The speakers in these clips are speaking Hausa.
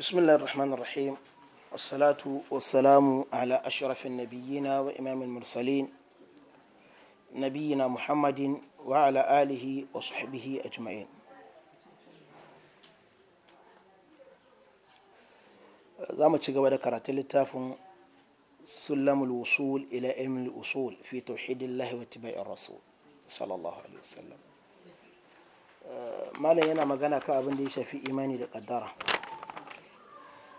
بسم الله الرحمن الرحيم والصلاة والسلام على أشرف النبيين وإمام المرسلين نبينا محمد وعلى آله وصحبه أجمعين زعما تشغب ذكرت للتاف سلم الوصول إلى علم الأصول في توحيد الله واتباع الرسول صلى الله عليه وسلم ما لا ينا مغانا كابن دي شفي إيماني لقدره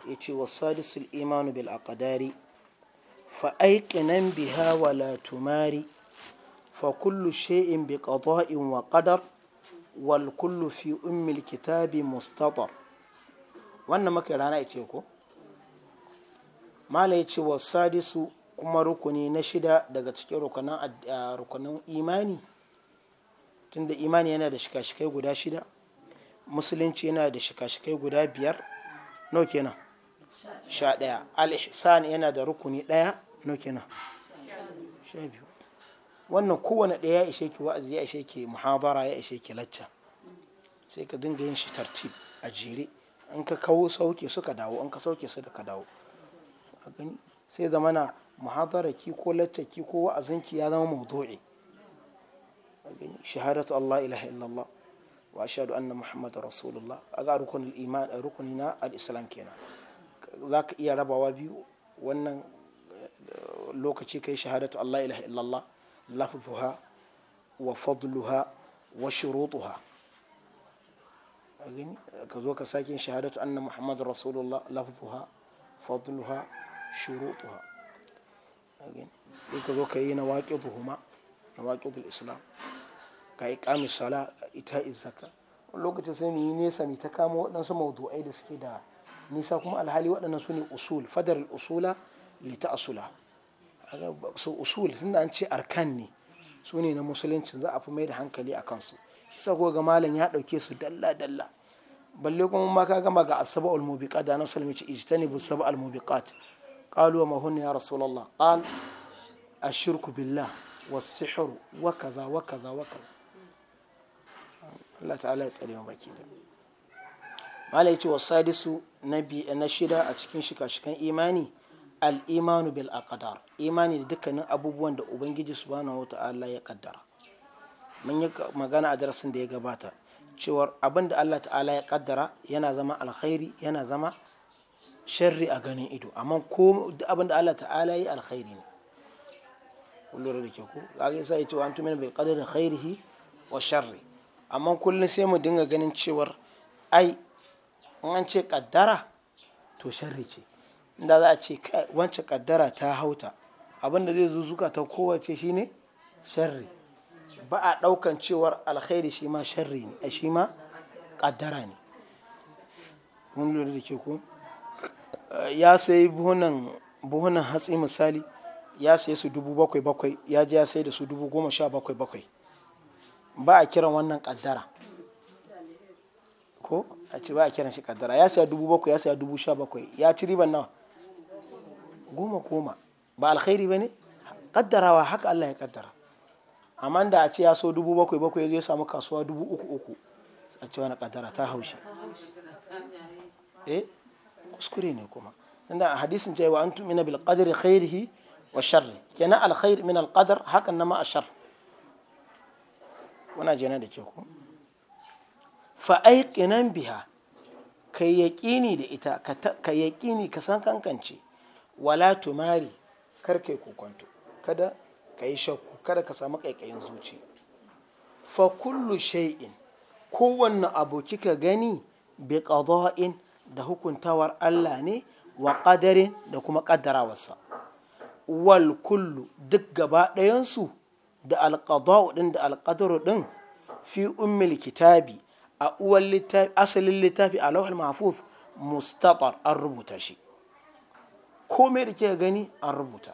ya ce wa sadisul imanu bil aqdari fa aiqinan biha wa tumari fa kullu shay'in bi qada'in wa qadar wal kullu fi ummil kitabi mustatar wannan maka rana ya ce ko mala ya ce wa sadisu kuma rukuni na shida daga cikin rukunin imani tunda imani yana da shika guda shida musulunci yana da shika-shikai guda biyar nau kenan sha ɗaya al-ihsan yana da rukuni ɗaya no kenan sha wannan kowane ɗaya ya ishe ki wa'azi ya ishe ki muhabara ya ishe ki lacca sai ka dinga yin shi tartib a jere in ka kawo sauke suka dawo in ka sauke su da ka dawo sai zamana muhabara ki ko lacca ki ko wa'azin ki ya zama mawdu'i shahadatu Allah ilaha illallah wa ashhadu anna muhammadar rasulullah ga rukunin iman rukunina al-islam kenan za ka iya rabawa biyu wannan eh, lokaci kai shahadatu Allah ilaha illallah lafzuha wa fadluha wa shurutuha ka zo ka sake shahadatu anna muhammadu rasulullah lafzuha fadluha shurutuha ka zo ka yi na waƙiduhuma na waƙidul islam ka yi ƙamis sala ita izaka lokacin sai mu yi nesa mu ta kama waɗansu mawdu'ai da suke da nisa kuma alhali waɗannan su ne usul fadar usula li ta'asula so usul tunda an ce arkan ne su ne na musulunci za a fi mai da hankali a kansu shi ko ga malam ya ɗauke su dalla dalla balle kuma ma ka gama ga asaba al-mubiqat da nasu salmi ce ijtani bu saba al qalu wa ma ya rasulullah qal ashirku billah was-sihr wa kaza wa kaza wa kaza Allah ta'ala ya tsare mu baki da malai ce wasadisu na na shida a cikin shika-shikan imani al-imanu bil aqdar imani da dukkanin abubuwan da ubangiji subhanahu wata'ala ya kaddara mun yi magana a darasin da ya gabata cewar abin da Allah ta'ala ya kaddara yana zama alkhairi yana zama sharri a ganin ido amma ko duk abin da Allah ta'ala yi alkhairi ne kullum da ke ku kaga yasa cewa an wa bai bil qadari khairihi wa sharri amma kullum sai mu dinga ganin cewar ai in an ce kaddara to sharri ce inda za a ce wancan kaddara ta hauta abin da zai zuzuka ta kowace shine sharri ba a ɗaukan cewar alkhairi shi ma sharri ne shi ma kaddara ne mun lura da ke ko ya sayi buhunan hatsi misali ya sayi su dubu bakwai bakwai ya je ya sai da su dubu goma sha bakwai bakwai ba a kiran wannan kaddara ko a ce ba a kiran shi kaddara ya saya dubu bakwai ya saya dubu sha bakwai ya ci riban nawa goma goma ba alkhairi ba ne kaddarawa haka Allah ya kaddara amma da a ce ya so dubu bakwai bakwai ya samu kasuwa dubu uku uku a ce wani kaddara ta haushi eh kuskure ne kuma inda a hadisin cewa an tumina bil qadri khairihi wa sharri kenan alkhair min alqadar hakan nama ashar wana jana da ke fa'aiƙinan biha ka yaƙini da ita ka yaƙini ka san kankance wala tumari kar yi kokonto kada ka yi shakku kada ka samu ƙaiƙayin zuci fa kullu shay'in kowanne abu kika gani bi qada'in da hukuntawar Allah ne wa qadarin da kuma wasa. wal kullu duk gaba ɗayansu da alƙada'u ɗin da alƙadaru ɗin fi ummil kitabi a uwan littafi asalin littafi a lauhin mahfuz mustatar an rubuta shi komai da kika gani an rubuta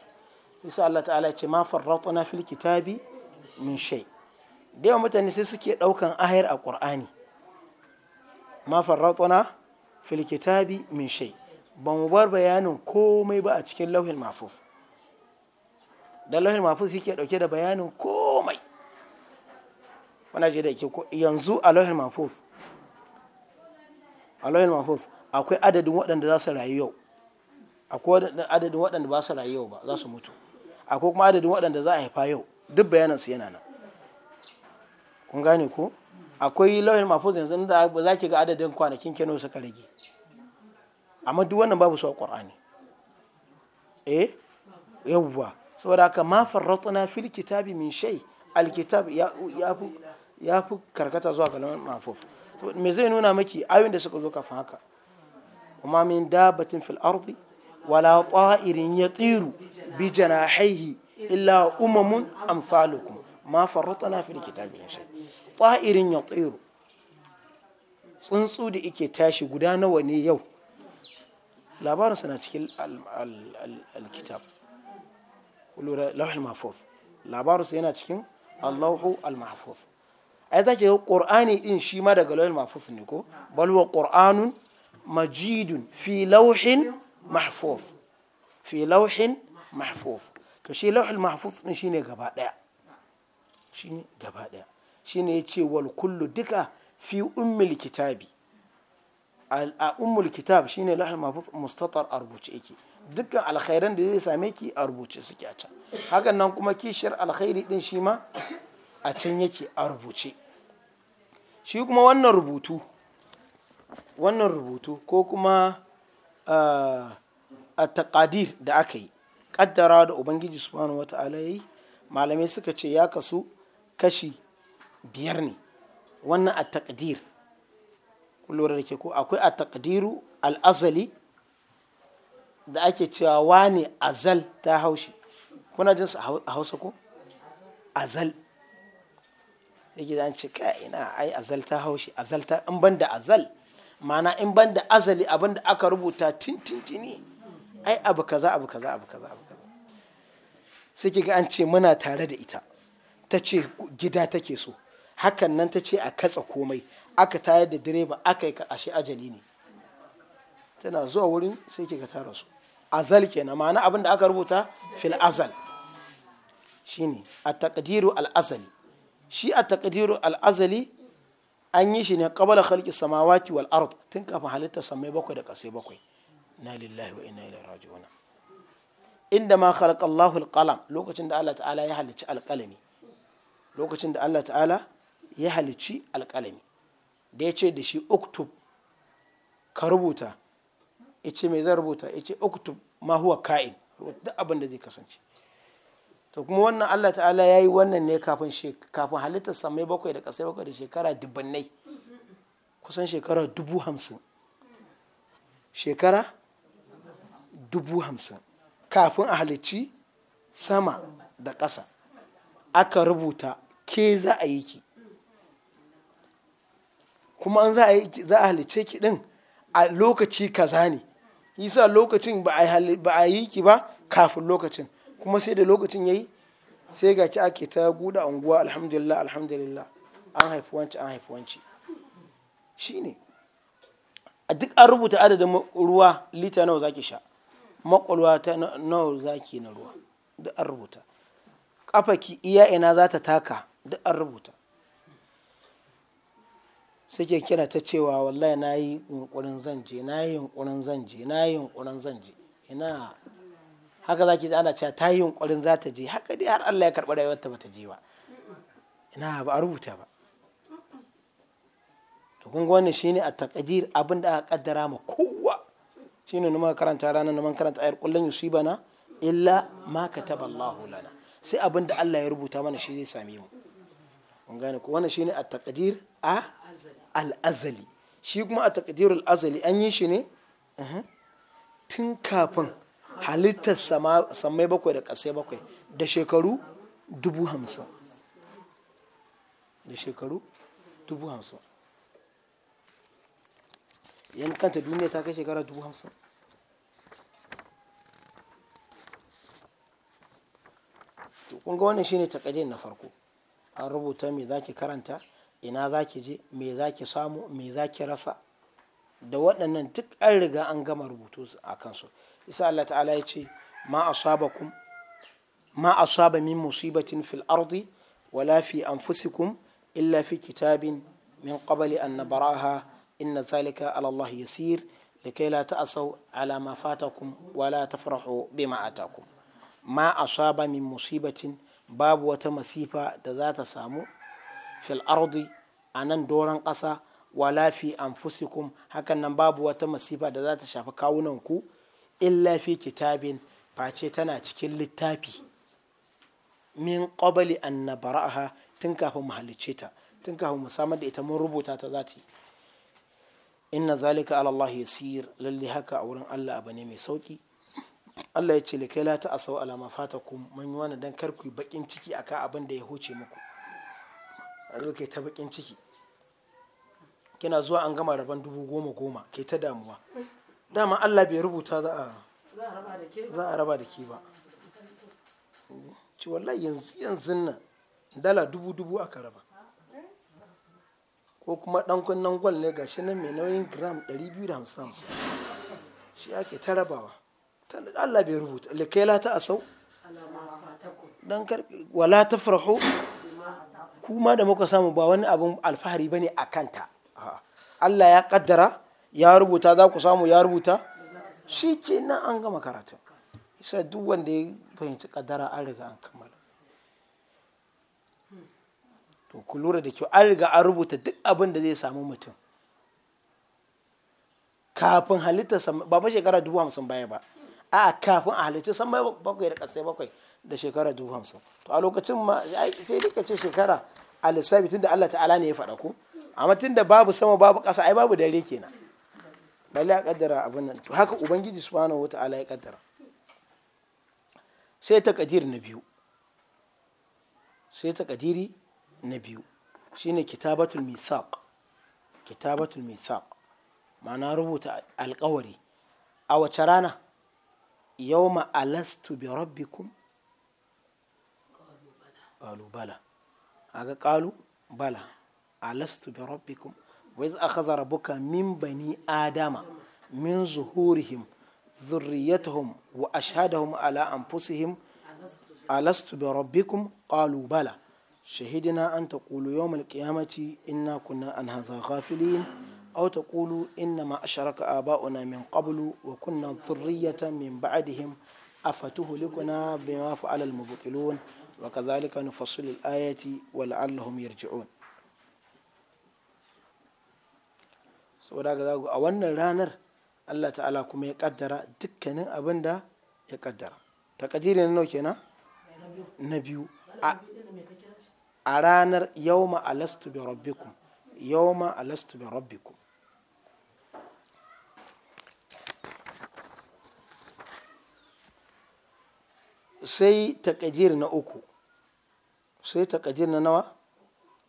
isa Allah ta'ala ce ma farratna fil kitabi min shay da yawan mutane sai suke daukan ayar a qur'ani ma farratna fil kitabi min shay ba mu bar bayanin komai ba a cikin lauhin mahfuz dan lauhin mahfuz yake dauke da bayanin komai wani ji da ke yanzu a lauhin mafuf a lauhin mafuf akwai adadin waɗanda za su rayu yau akwai adadin waɗanda ba su rayu yau ba za su mutu akwai kuma adadin waɗanda za a haifa yau duk bayanan su yana nan kun gane ko akwai lauhin mafuf yanzu da za ki ga adadin kwanakin keno suka rage amma duk wannan babu su a qur'ani eh yawwa saboda haka ma farratna fil kitabi min shai alkitab ya ya ya fi karkata zuwa ga lamar mafuf me zai nuna maki ayoyin da suka zo kafin haka kuma min dabatin fil ardi wala ta'irin ya tsiru bi janahihi illa umamun amsalukum ma farratna fil kitab min shay ta'irin ya tsiru tsuntsu da yake tashi guda nawa ne yau labarin suna cikin al-kitab lura lawhul mahfuz labarin yana cikin al-lawhul ai za ki ga qur'ani ɗin shi ma daga lauhin mahfuz ne ko balwa ƙur'anun majidun fi lauhin mahfuz fi lauhin mahfuz to shi lauhin mahfuz ɗin shine ne gaba ɗaya shine ne gaba ɗaya shi ne wal kullu duka fi ummil kitabi a ummul kitab shi ne lauhin mahfuz mustatar a rubuce yake dukkan alkhairan da zai same ki a rubuce suke a can hakan nan kuma kishiyar alkhairi ɗin shi ma a can yake a rubuce shi kuma wannan rubutu wannan rubutu ko kuma eh, a taƙadir da aka yi ƙaddara da ubangiji subhanahu wata'ala yi malamai suka ce ya kasu kashi biyar ne wannan a taƙadir lura da ke ko akwai a taƙadiru al'azali da ake cewa wane azal ta haushi kuna jinsu a hausa ko azal yake da an ce kai ina ai azal ta haushi azal ta in ban da azal mana in ban da azali abin da aka rubuta tintintini ai abu kaza abu kaza abu kaza abu kaza sai kiga an ce muna tare da ita ta ce gida take so hakan nan ta ce a katsa komai aka tayar da direba aka yi ashe ajali ne tana zuwa wurin sai kika ta su azal kenan mana abin da aka rubuta fil azal shine a taqdiru al azali shi a takadiru al'azali an yi shi ne kabala halki samawati wal arut tun kafin halitta samai bakwai da kasai bakwai na lillahi wa inna ilaihi raji'un inda ma khalaqa Allahu al-qalam lokacin da Allah ta'ala ya halicci alƙalami lokacin da Allah ta'ala ya halicci alƙalami da ya ce da shi uktub ka rubuta ya ce mai zan rubuta ya ce uktub ma huwa ka'in duk abin da zai kasance to kuma wannan Allah ta'ala ya yi wannan ne kafin kafin halittar samai bakwai da kasai bakwai da shekara dubbannai kusan shekara dubu hamsin shekara dubu hamsin kafin a halicci sama da ƙasa aka rubuta ke za a yi ki kuma an za a halicce ki ɗin a lokaci kaza ne sa lokacin ba a yi ki ba kafin lokacin kuma sai da lokacin yayi sai ga ki ake ta guda unguwa alhamdulillah alhamdulillah an haifi wanci an haifi wanci shine a duk an rubuta adadin ruwa lita nawa zaki sha makwalwa ta nawa zaki na ruwa duk an rubuta ki iya ina za ta taka duk an rubuta suke kira ta cewa wallahi na yi yunkurin zanje na yi yunkurin zanje na yi yunkurin zanje ina haka zaki ji ana cewa ta yi yunkurin za ta je haka dai har Allah ya karɓi rayuwarta bata je ba ina ba a rubuta ba to kun wannan shine a taqdir abin da aka kaddara ma kowa shine numa karanta ranar numa karanta ayar kullun yusibana illa ma kataba Allahu lana sai abin da Allah ya rubuta mana shi zai same mu kun gane ko wannan shine a taqdir a al-azali shi kuma a taqdirul azali an yi shi ne uh-huh, tun kafin halittar samai bakwai da ƙasai bakwai da shekaru dubu hamsin da shekaru dubu hamsin yan kanta duniya ta kai shekara dubu hamsin kun ga wannan shine takadin na farko an rubuta me zaki karanta ina zaki je me zaki samu me zaki rasa da waɗannan duk an riga an gama rubutu a kansu isa Allah ta'ala ya ce ma a saba min musibatin fil ardi wa lafi an fusi kun illa fi kitabin min qabali an na baraha in na zalika alallah ya sir da kai la ta'asau ala ma fata kun wa la ta farahu bi ma a ma a saba min musibatin babu wata masifa da zata samu fil ardi a nan doron ƙasa wa lafi an fusi kun hakan nan babu wata masifa da zata ta shafi kawunanku ku illa fi kitabin face tana cikin littafi min qabali an nabra'aha tun kafin mu halicce ta tun kafin mu samar da ita mun rubuta ta zati inna zalika ala Allah yasir lalle haka a wurin Allah abu ne mai sauki Allah ya ce kai la ta asau ala ma fatakum man yuwana dan kar ku bakin ciki akan abin da ya huce muku a kai ta bakin ciki kina zuwa an gama rabon dubu goma goma kai ta damuwa dama Allah bai rubuta za a za a raba da ke ba ci wallahi yanzu yanzu nan dala dubu dubu aka raba ko kuma dan kunnan gwal ne gashi nan mai nauyin gram 250 shi ake ta rabawa Allah bai rubuta likaila ta asau dan karfi wala farho kuma da muka samu ba wani abin alfahari bane akanta Allah ya kaddara ya rubuta za ku samu ya rubuta shi ke nan an gama karatu isa duk wanda ya fahimci kadara an riga an kammala to ku lura da kyau an riga an rubuta duk abin da zai samu mutum kafin halitta ba ba shekara dubu hamsin baya ba a kafin a halittar san bakwai da ƙasai bakwai da shekara dubu hamsin to a lokacin ma sai dai ka ce shekara a lissafi tun da Allah ta'ala ne ya faɗa ku amma tun da babu sama babu ƙasa ai babu dare kenan lalle a kaddara abin nan to haka ubangiji subhanahu wata'ala ya kaddara sai ta kadir na biyu sai ta kadiri na biyu shine kitabatul misaq kitabatul misaq ma'ana rubuta alkawari a wace rana yawma alastu bi rabbikum qalu bala aga qalu bala alastu bi rabbikum wa iz akhadha min bani adama min zuhurihim dhurriyyatahum wa ashhadahum ala anfusihim alastu bi rabbikum qalu bala shahidina an taqulu yawm al-qiyamati inna kunna an hadha ghafilin aw taqulu inna ma asharaka aba'una min qablu wa kunna dhurriyyatan min a ba'dihim afatuhlikuna bima fa'ala al-mubtilun وكذلك نفصل الآية ولعلهم يرجعون saboda ga zagu a wannan ranar Allah ta'ala kuma ya kaddara dukkanin abin da ya kaddara kadiri na nauke na na biyu a ranar yawma alastu bi rabbikum yawma alastu bi rabbikum sai kadiri na uku sai kadiri na nawa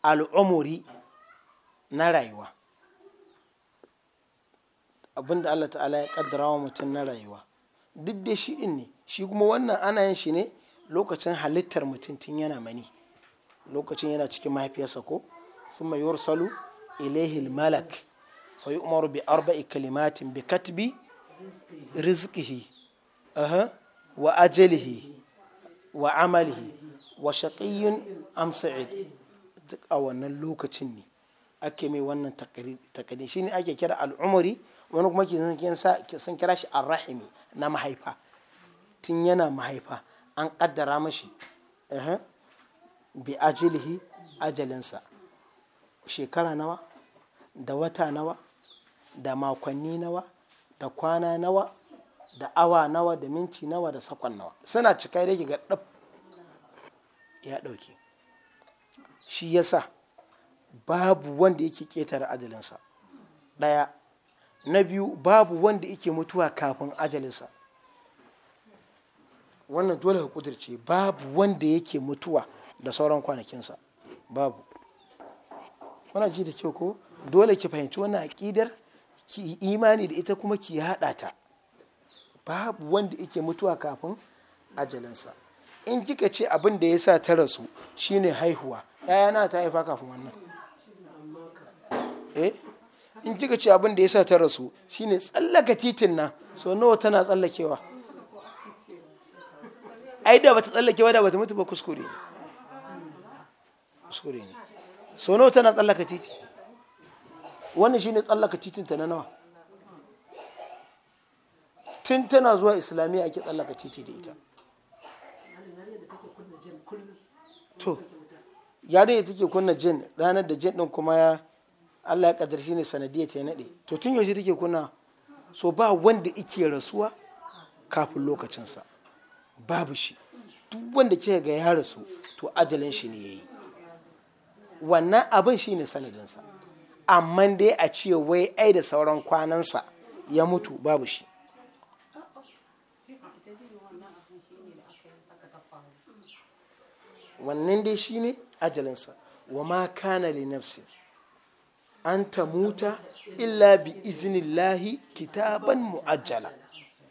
al'umuri na rayuwa abinda Allah ta'ala ya kaddara wa mutum na rayuwa duk da shi din ne shi kuma wannan ana yin shi ne lokacin halittar mutum tun yana mani lokacin yana cikin mahaifiyarsa ko thumma yursalu ilayhi malak fa yu'maru bi arba'i kalimatin bi katbi rizqihi aha wa ajalihi wa amalihi wa shaqiyyun am duk a wannan lokacin ne ake mai wannan takadi ne ake kira al'umari wani kuma ke san kira shi arrahimi na mahaifa tun yana mahaifa an kaddara mashi bi ajilihi ajalinsa shekara nawa da wata nawa da makonni nawa da kwana nawa da awa nawa da minti nawa da sakon nawa suna cika da ga ɗab ya ɗauke shi yasa babu wanda yake ƙetare adalinsa ɗaya na biyu babu wanda yake mutuwa kafin ajalinsa wannan dole ka kudirce babu wanda yake mutuwa da sauran kwanakinsa babu wana ji da kyau ko dole ki fahimci wannan aƙidar ki imani da ita kuma ki haɗa ta babu wanda yake mutuwa kafin ajalinsa in kika ce abin da ya sa ta rasu shine haihuwa ‘ya'yana ta haifa kafin wannan eh in kika ce abin da ya sa ta rasu shine tsallaka titin na so nawa tana tsallakewa ai da bata tsallakewa da bata mutu ba kuskure ne kuskure ne so nawa tana tsallaka titi wannan shine tsallaka titin ta na nawa tun tana zuwa islamiyya ake tsallaka titi da ita to yare take kunna jin ranar da jin din kuma ya Allah ya kadar shi ne sanadiyya ta naɗe to tun yaushe take kuna so ba wanda ike rasuwa kafin lokacinsa babu shi duk wanda ke ga ya rasu to ajalin shi ne yayi wannan abin shi ne sanadinsa amma dai a ce wai ai da sauran kwanansa ya mutu babu shi wannan dai shi ne ajalinsa wa ma kana li nafsin an ta muta illa bi iznillahi kitaban mu'ajjala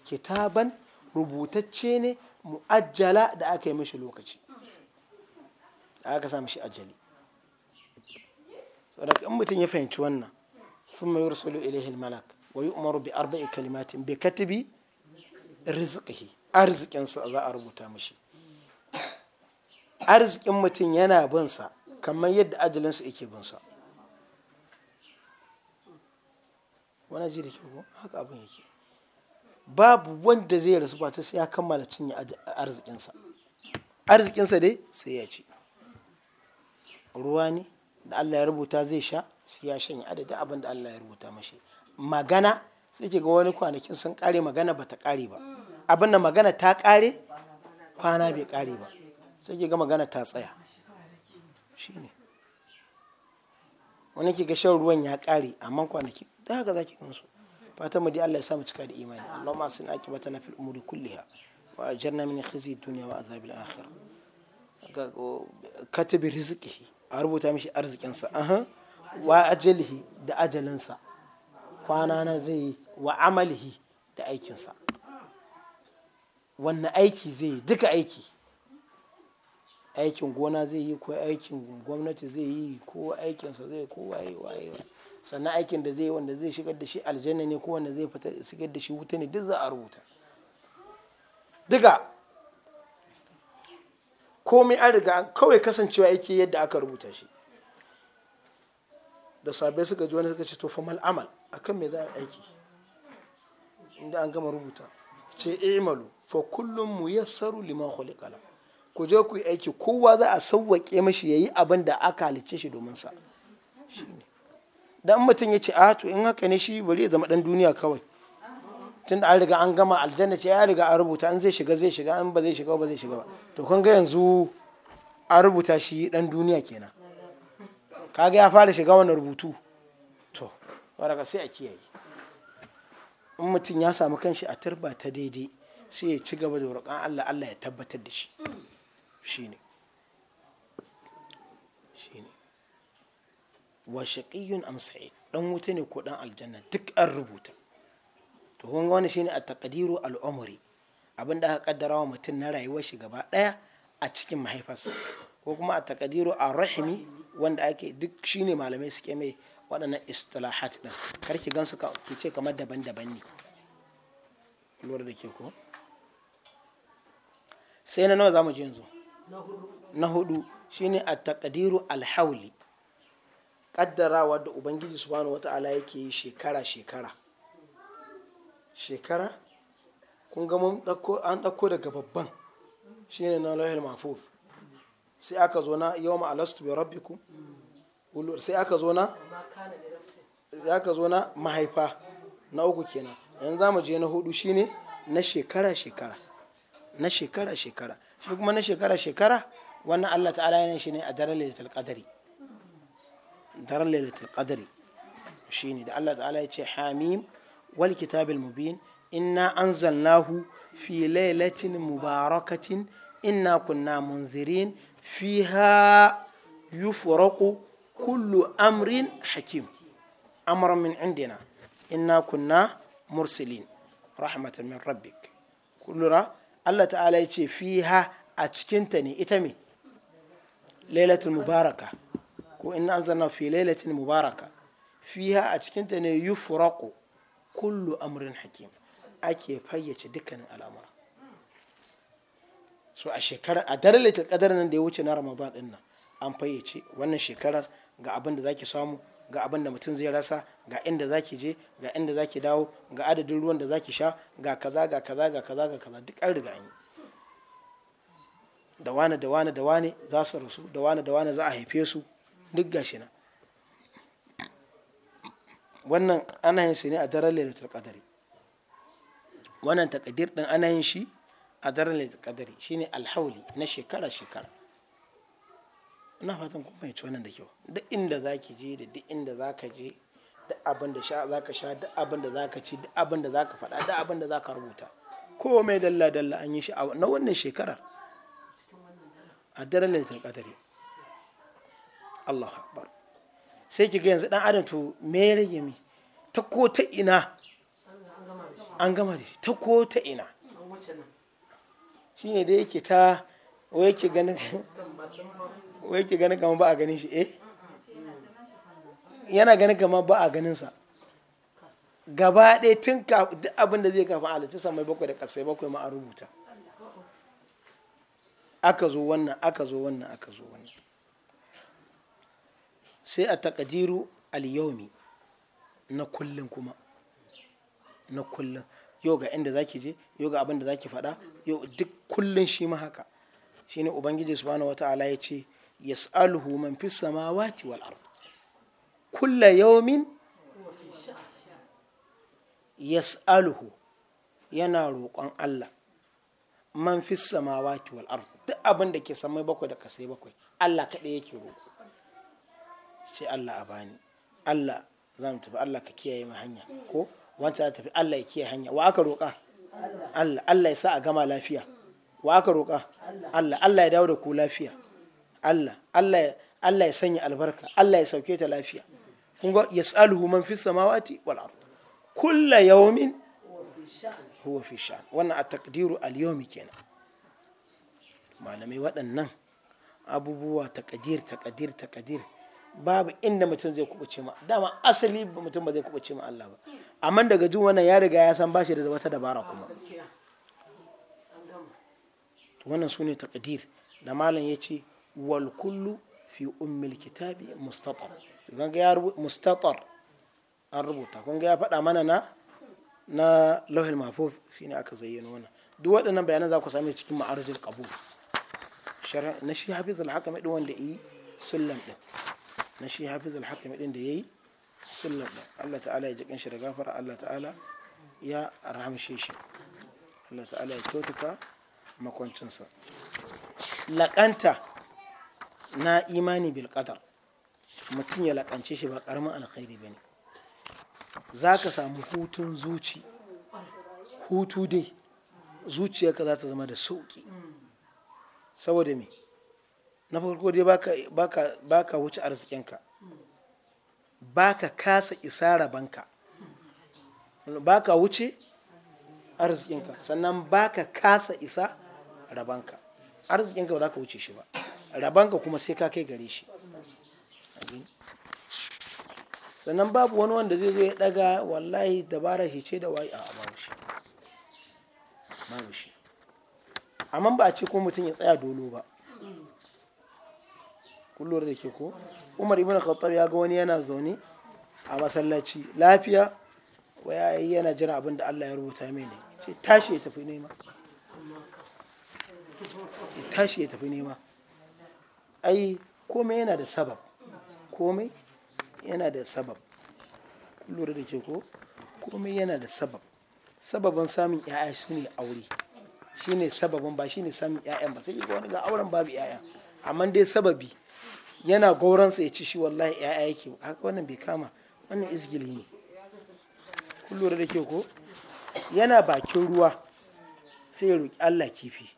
kitaban rubutacce ne mu'ajjala da aka yi mashi lokaci da aka sa mashi ajali saboda in mutum ya fahimci wannan sun mai rasulu ilaihi malak wa yi umaru bi arba'i kalimatin bi katibi rizqihi arzikinsa za a rubuta mashi arzikin mutum yana bansa kamar yadda ajalinsa yake binsa wani ji da kyau haka abin yake babu wanda zai rasu ba ta sai ya kammala cinye arzikinsa arzikinsa dai sai ya ci ruwa ne da Allah ya rubuta zai sha sai ya shanye adadin abin da Allah ya rubuta mashi magana sai ke ga wani kwanakin sun kare magana ba ta kare ba abin da magana ta kare kwana bai kare ba sai ke ga magana ta tsaya shine wani ke ga shan ruwan ya kare amma kwanaki da haka zaki gansu fatan mu dai Allah ya samu cika da imani Allahumma sin na fil umuri kulliha wa ajirna min khizi dunya wa azabil akhirah katabi rizqihi a rubuta mishi arzikinsa aha wa ajalihi da ajalinsa kwana na zai wa amalihi da aikinsa wannan aiki zai yi duka aiki aikin gona zai yi ko aikin gwamnati zai yi ko aikinsa zai ko waye waye sannan aikin da zai wanda zai shigar da shi aljanna ne ko wanda zai fitar shigar da shi wuta ne duk za a rubuta duka komai an riga kawai kasancewa yake yadda aka rubuta shi da sabai suka ji wani suka ce to famal amal akan me za a aiki inda an gama rubuta ce imalu fa kullum mu yassaru liman kala ku je ku yi aiki kowa za a sauwaƙe mashi yayi abin da aka halicce shi domin sa ne dan mutum ya ce a ah, to in haka ne shi bari ya zama dan duniya kawai tunda an riga an gama aljanna ce ya riga an rubuta an zai shiga zai shiga an ba zai shiga ba zai shiga ba to kun ga yanzu an rubuta shi dan duniya kenan kaga ya fara shiga wannan rubutu to waraka sai a kiyaye in mutum ya samu kanshi a turba ta daidai sai ya ci gaba da roƙon Allah Allah ya tabbatar da shi shine wa shaqiyyun am sa'id dan wuta ne ko dan aljanna duk an rubuta to kun ga wani shine at-taqdiru al-umri da aka kaddara wa mutum na rayuwar shi gaba daya a cikin mahaifarsa ko kuma a takadiru a rahimi wanda ake duk shine malamai suke mai waɗannan istilahat din karki gansu ka ki ce kamar daban-daban ne lura da ke ko sai na nawa zamu je yanzu na hudu shine a al alhauli kaddarawa da ubangiji subhanahu wata'ala yake yi shekara shekara shekara kun ga an ɗauko daga babban shine na lahil mafuf sai aka zo na yau ma'alastu bai rabbiku sai aka zo na sai aka zo na mahaifa na uku kenan yanzu za mu je na hudu shine na shekara shekara na shekara shekara shi kuma na shekara shekara wannan Allah ta'ala yana shi ne a daren lailatul qadari daren lailatul qadri shine da Allah ta'ala ya ce hamim wal kitabil mubin inna anzalnahu fi lailatin mubarakatin inna kunna munzirin fiha yufraqu kullu amrin hakim amran min indina inna kunna mursilin rahmatan min rabbik kullura Allah ta'ala ya ce fiha a cikinta ne ita me lailatul mubaraka ko inna anzalna fi lailatin mubaraka fiha a cikin ta ne yufraqu kullu amrin hakim ake fayyace dukkanin al'amura so a shekarar a daren laitar kadar nan da ya wuce na ramadan din nan an fayyace wannan shekarar ga abin da zaki samu ga abin da mutum zai rasa ga inda zaki je ga inda zaki dawo ga adadin ruwan da zaki sha ga kaza ga kaza ga kaza ga kaza duk an riga yi da wane za su rasu da wane za a haife su duk gashi na wannan ana yin shi ne a daren lailatul qadari wannan takadir din ana yin shi a daren lailatul qadari ne alhauli na shekara shekara na fatan kuma ya ci wannan da kyau duk inda ki je da duk inda ka je duk abin da ka sha duk abin da ka ci duk abin da ka faɗa duk abin da ka rubuta mai dalla dalla an yi shi na wannan shekarar a daren lailatul qadari Allah akbar sai ki ga yanzu dan adam to me ya rage mi ta ko ta ina an gama da shi ta ko ta ina shine da yake ta wai yake ganin wai yake ganin kamar ba a ganin shi eh yana ganin kamar ba a ganin sa gaba ɗaya tun duk abin da zai kafa halittu samai bakwai da ƙasai bakwai ma a rubuta aka zo wannan aka zo wannan aka zo wannan sai a takadiru al-yawmi na kullum kuma na kullum yau ga inda zaki je yau ga abin da zaki faɗa yau duk kullum shi ma haka shine ubangiji subhanahu wataala ya ce yas'aluhu man fis samawati wal ard kullu yawmin yas'aluhu yana roƙon Allah man fi samawati wal ard duk abin da ke samai bakwai da kasai bakwai Allah kaɗai yake roƙo sai Allah a bani Allah za mu tafi Allah ka kiyaye mu hanya ko wancan za tafi Allah ya kiyaye hanya wa aka roƙa Allah Allah ya sa a gama lafiya wa aka roƙa Allah Allah ya dawo da ku lafiya Allah Allah Allah ya sanya albarka Allah ya sauke ta lafiya kun ga yas'aluhu man fis samawati wal ard kullu yawmin huwa fi sha'n wannan at taqdiru al yawmi kenan malamai waɗannan abubuwa taqdir taqdir taqdir babu inda mutum zai kubuce ma dama asali mutum ba zai kubuce ma Allah ba amma daga jin wannan ya riga ya san bashi da wata dabara kuma wannan sune taqdir da malam ya ce wal kullu fi ummil kitabi mustatar kun ga ya mustatar an rubuta kun ga ya faɗa mana na na lauhil mahfuz shine aka zayyana wannan duk waɗannan bayanan za ku same cikin ma'arujul qabul na shi hafiz hakam din wanda yi sullam din na shi hafiz al din da yayi sallar Allah ta'ala ya ji shi da gafara Allah ta'ala ya rahamshe shi Allah ta'ala ya kyautata makwancinsa laƙanta na imani bil qadar mutum ya laƙance shi ba ƙaramin alkhairi ba ne za ka samu hutun zuci hutu dai zuciyarka za ta zama da sauƙi saboda me na farko dai ba ka wuce arzikinka ba ka kasa isa rabanka ba ka wuce arzikinka sannan ba ka kasa isa rabanka arzikinka ba za ka wuce shi ba rabanka kuma sai ka kai gare shi sannan babu wani wanda zai zo ya daga wallahi dabara shi ce da wayi a babu shi babu shi amma ba a ce ko mutum ya tsaya dolo ba kullum da ke ko umar ibn khattab ya ga wani yana zaune a masallaci lafiya wa ya yi yana jira abin da Allah ya rubuta mai ne ce tashi ya tafi nema tashi ya tafi nema ai komai yana da sabab komai yana da sabab lura da ke ko komai yana da sabab sababin samun ya'ya su ne aure shi ne sababin ba shi ne samun ya'yan ba sai ga wani ga auren babu ya'ya amma dai sababi yana gauransa ya ci shi wallahi ya'ya yake haka wannan bai kama wannan izgili ne kun lura da ke ko yana bakin ruwa sai ya roƙi Allah kifi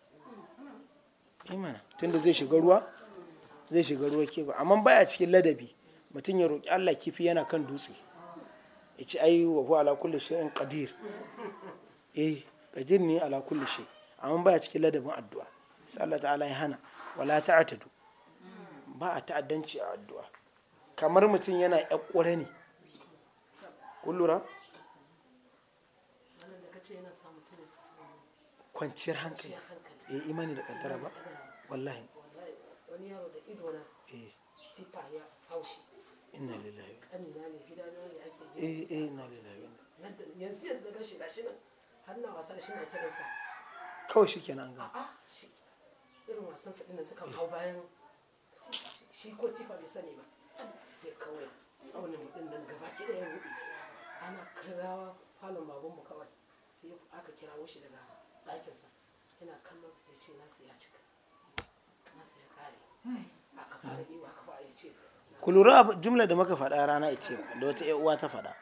imana eh tunda zai shiga ruwa zai shiga ruwa ke ba amma baya cikin ladabi mutum ya roƙi Allah kifi yana kan dutse ya ci ayi wa hu ala kulli shay'in qadir eh qadir ne ala kulli shay amma baya cikin ladabin addu'a sai Allah ta'ala ya hana wala ta'tadu ba a ta'addanci a addu'a kamar mutum yana yakkure ne kun lura kwanciyar hankali ya eh, yi imani da kaddara ba wallahi wani yaro da ido na tifa ya haushi inna lillahi eh eh inna lillahi yanzu yanzu da gashi gashi nan har na wasa shi na kiransa kawai shikenan an ga irin wasan sa dinnan sukan hau bayan shi ko tifa bai sani ba sai kawai tsaunin din nan gaba ki daya rubi ana kirawa falon babun mu kawai sai aka kirawo shi daga ɗakinsa yana kallon ya ce nasu ya cika nasu ya kare aka fara yi aka fara ya ce ku lura jumla da muka faɗa rana ita da wata ƴan uwa ta faɗa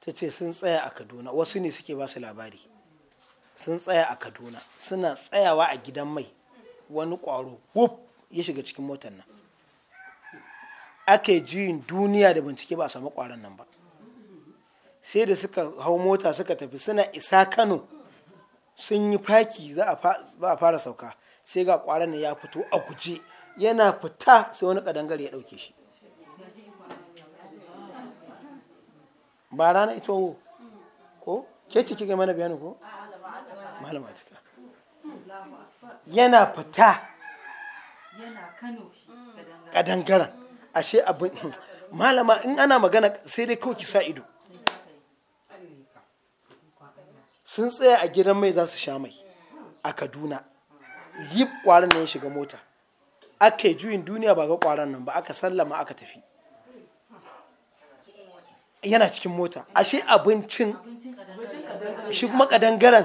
ta ce sun tsaya a kaduna wasu ne suke ba su labari sun tsaya a kaduna suna tsayawa a gidan mai wani ƙwaro wuf ya shiga cikin motar nan ake juyin duniya da bincike ba a samu kwaron nan ba sai da suka hau mota suka tafi suna isa kano sun yi faki za a fara sauka sai ga nan ya fito a guje yana fita sai wani kadangare ya ɗauke shi ba rana ito ko ke ciki ga mana bayani ko malama cika yana fita kadangaran ashe abin malama in ana magana sai dai kawai ki sa ido sun tsaya a gidan mai za su sha mai a kaduna yi kwaran nan ya shiga mota aka yi juyin duniya ba ga kwaran nan ba aka sallama aka tafi yana cikin mota ashe abincin shi kuma kadangaren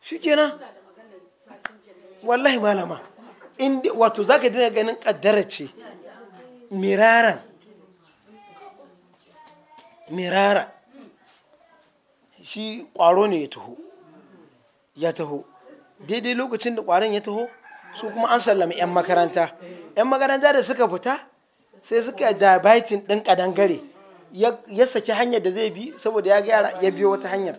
shi wallahi malama wato za ka dina ganin kaddara ce mirara mirara shi kwaro ne ya taho ya taho daidai lokacin da kwaron ya taho su kuma an sallami 'yan makaranta 'yan makaranta da suka fita sai suka da baitin ɗin kadangare ya saki hanyar da zai bi saboda ya ya biyo wata hanyar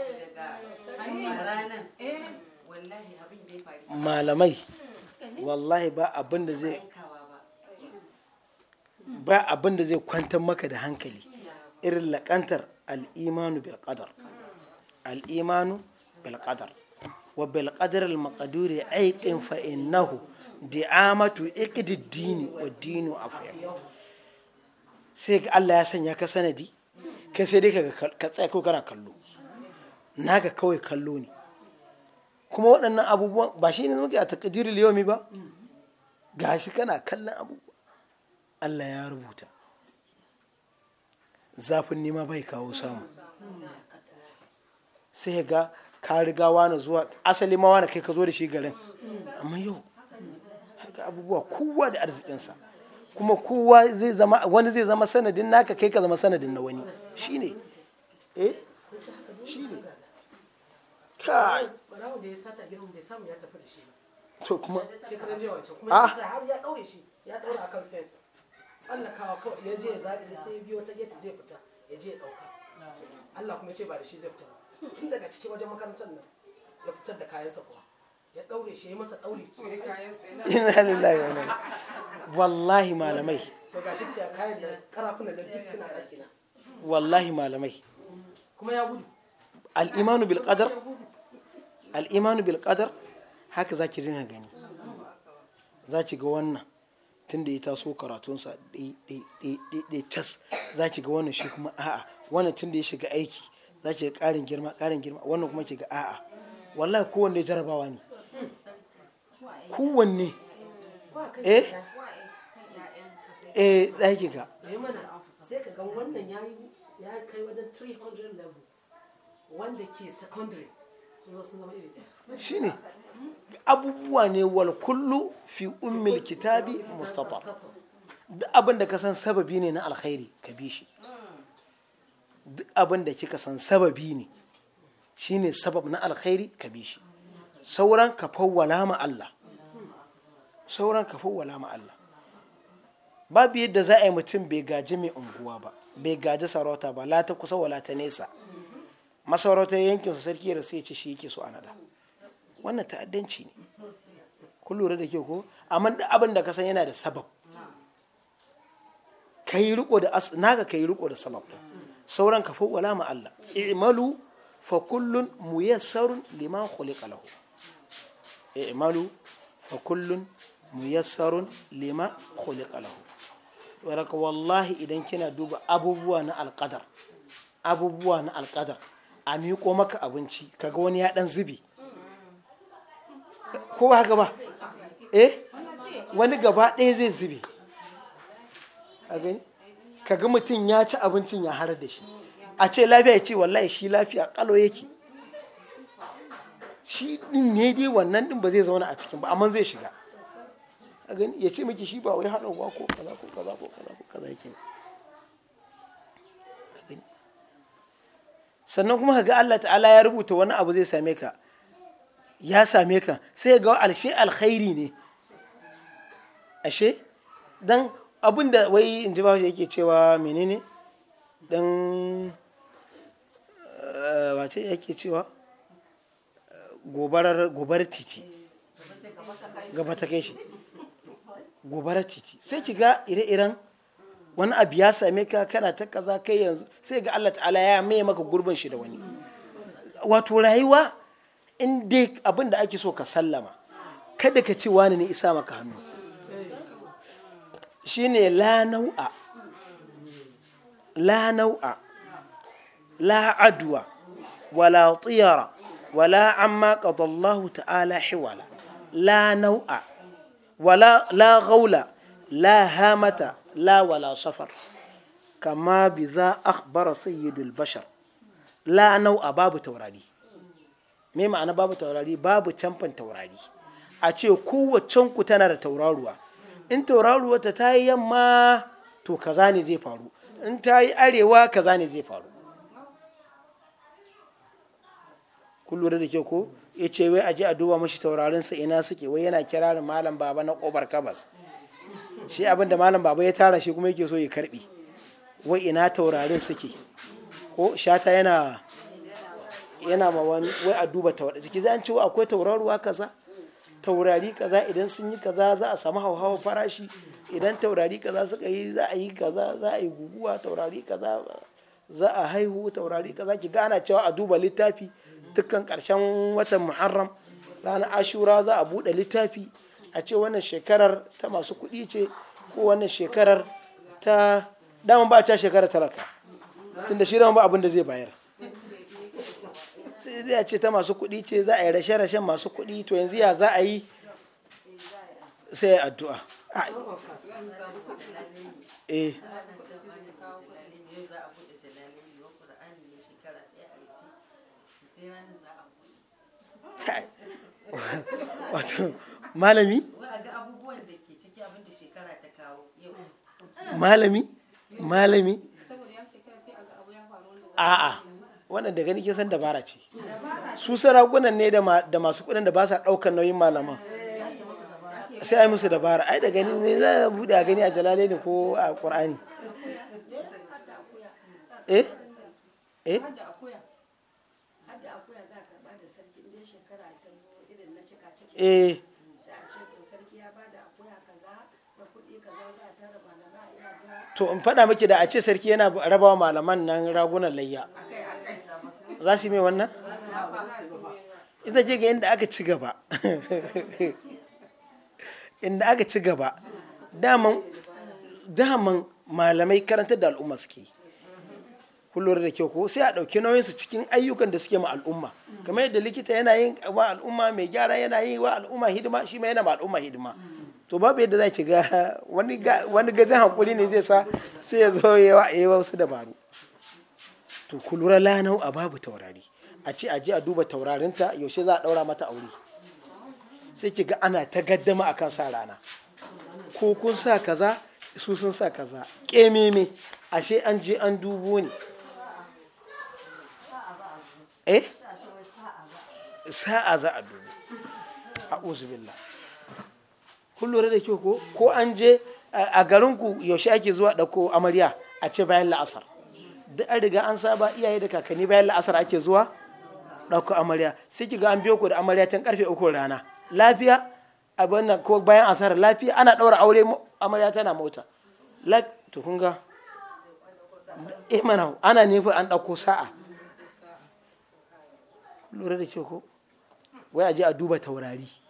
malamai wallahi ba abin da zai ba abin da zai kwantar maka da hankali irin laƙantar al'imanu bil qadar al'imanu wa bil qadar al maqduri aiqin fa innahu di'amatu iqdi dini wa dinu afiyah sai ga Allah ya sanya ka sanadi kai sai dai ka ko kana kallo naka kawai kallo ne kuma waɗannan abubuwan ba shi ne muke a takadirin yomi ba gashi kana kallon abubuwa Allah ya rubuta zafin nima bai kawo samu sai ga ka riga wani zuwa asali ma wani kai ka zo da shi garin amma yau haka abubuwa kowa da arzikinsa kuma kowa zai zama wani zai zama sanadin naka kai ka zama sanadin na wani shine eh shine kai barawo da ya sata gidan bai samu ya tafi da shi ba to kuma shekaran jiya wancan kuma ah! har ya daure shi ya daure fence tsallakawa kawai ya je ya zaɓi sai ya biyo ta gate zai fita ya je ya dauka Allah kuma ce ba da shi zai fita ba tun daga cikin wajen makarantar nan ya fitar da kayan kuwa ya shi ya masa daure ina lillahi wa wallahi malamai to kayan da karafunan da duk suna ɗaki na wallahi malamai kuma ya gudu al'imanu bil qadar al'imanu bil haka za ki rinka gani za ki ga wannan tunda ya taso karatunsa ɗai tas za ki ga wannan shi kuma a'a wannan tunda ya shiga aiki za ki ga ƙarin girma ƙarin girma wannan kuma ki ga a'a wallahi kowanne jarabawa ne kowanne eh eh za ki ga sai ka ga wannan ya kai wajen 300 level wanda ke secondary shine ne abubuwa ne wal kullu fi ummil kitabi mustafa duk abin da ka san sababi ne na alkhairi ka bi shi duk abin da kika san sababi ne shine sabab na alkhairi ka bi shi sauran ka fawwala ma Allah sauran ka fawwala ma Allah babu yadda za a yi mutum bai gaji mai unguwa ba bai gaji sarauta ba la ta kusa wala ta nesa masarautar yankin su sarki da rasu ya ce shi yake so a nada wannan ta'addanci ne kun lura da ke ko amma duk abin da ka san yana da sabab kai riko da as naga kai riko da sabab din sauran ka fawwala ma Allah i'malu fa kullun muyassarun lima khuliqa lahu i'malu fa kullun muyassarun lima khuliqa lahu waraka wallahi idan kina duba abubuwa na alqadar abubuwa na alqadar a miƙo maka abinci kaga wani ya ɗan zubi ko ba haka ba eh wani gaba ɗaya zai zubi kaga mutum ya ci abincin ya har da shi a ce lafiya ya ce wallahi shi lafiya ƙalo yake shi din ne dai wannan din ba zai zauna a cikin ba amma zai shiga ya ce miki shi ba wai haɗa ko kaza ko kaza ko kaza ko kaza yake ba sannan kuma ga Allah ta'ala ya rubuta wani abu zai same ka ya same ka sai ga alshe alkhairi ne ashe dan abin da wai in ji bahaushe yake cewa menene dan eh, wace yake cewa gobarar gobarar titi gaba ta kai shi gobarar titi sai ki ga ire-iren wani abu ya same ka kana ta kaza kai yanzu sai ga Allah ta'ala ya maye maka gurbin shi da wani wato rayuwa in dai abin da ake so ka sallama kada ka ce wani ne isa maka hannu shine la nau'a la nau'a la adwa wala tiyara wala amma qadallahu ta'ala hiwala la nau'a wala la ghaula la hamata la wala safar kama bi za akhbara sayyidul bashar la nau'a babu taurari mai ma'ana babu taurari babu camfan taurari a ce kowaccen ku tana da tauraruwa in tauraruwa ta ta yi yamma to kaza ne zai faru in ta yi arewa kaza ne zai faru kun da ke ko ya ce wai aje a duba mashi taurarin sa ina suke wai yana kirarin malam baba na kobar kabas shi abin da malam baba ya tara shi kuma yake so ya karbi wai ina taurarin suke ko shata yana yana ma wani wai a duba taurari jiki an ci akwai tauraruwa kaza taurari kaza idan sun yi kaza za a samu hauhawar farashi idan taurari kaza suka yi za a yi kaza za a yi guguwa taurari kaza za a haihu taurari kaza ki gana cewa a duba littafi dukkan karshen watan muharram ranar ashura za a buɗe littafi a ce wannan shekarar ta masu kuɗi ce ko wannan shekarar ta daman ba ta shekarar talaka tunda shi ba abin da zai bayar sai zai ce ta masu kuɗi ce za a yi rashe-rashen masu kuɗi to yanzu ya za a yi sai addu'a eh wato malami malami malami a'a wannan gani ke san dabara ce su sarakunan ne da masu kudin da ba sa daukan nauyin malaman sai ai musu dabara ai da gani ne za a bude a gani a jalale ne ko a qur'ani eh eh eh to in faɗa miki da a ce sarki yana rabawa malaman nan ragunan layya za su yi mai wannan ita ce ga inda aka ci gaba inda aka ci gaba daman malamai karantar da al'umma suke kullum da kyau ko sai a ɗauki nauyinsu cikin ayyukan da suke ma al'umma kamar yadda likita yana yin wa al'umma mai gyara yana yi wa al'umma hidima shi ma yana ma al'umma hidima to babu yadda za ki ga wani gajin hankuli ne zai sa sai ya zo ya yi wasu dabaru to ku lura lanau a babu taurari a ce a je a duba taurarinta yaushe za a daura mata aure sai ki ga ana ta gaddama akan sa rana ko kun sa kaza su sun sa kaza kememe ashe an je an dubo ne eh sa'a za a dubo a uzubillah kun lura da kyau ko ko an je a garinku yaushe ake zuwa ɗauko amarya a ce bayan la'asar duk an riga an saba iyaye da kakanni bayan la'asar ake zuwa ɗauko amarya sai ki ga an biyo ku da amarya tun karfe uku rana lafiya a wannan ko bayan asarar lafiya ana ɗaura aure amarya tana mota to kun ga imana eh ana nufi an ɗauko sa'a lura da ke ko wai a je a duba taurari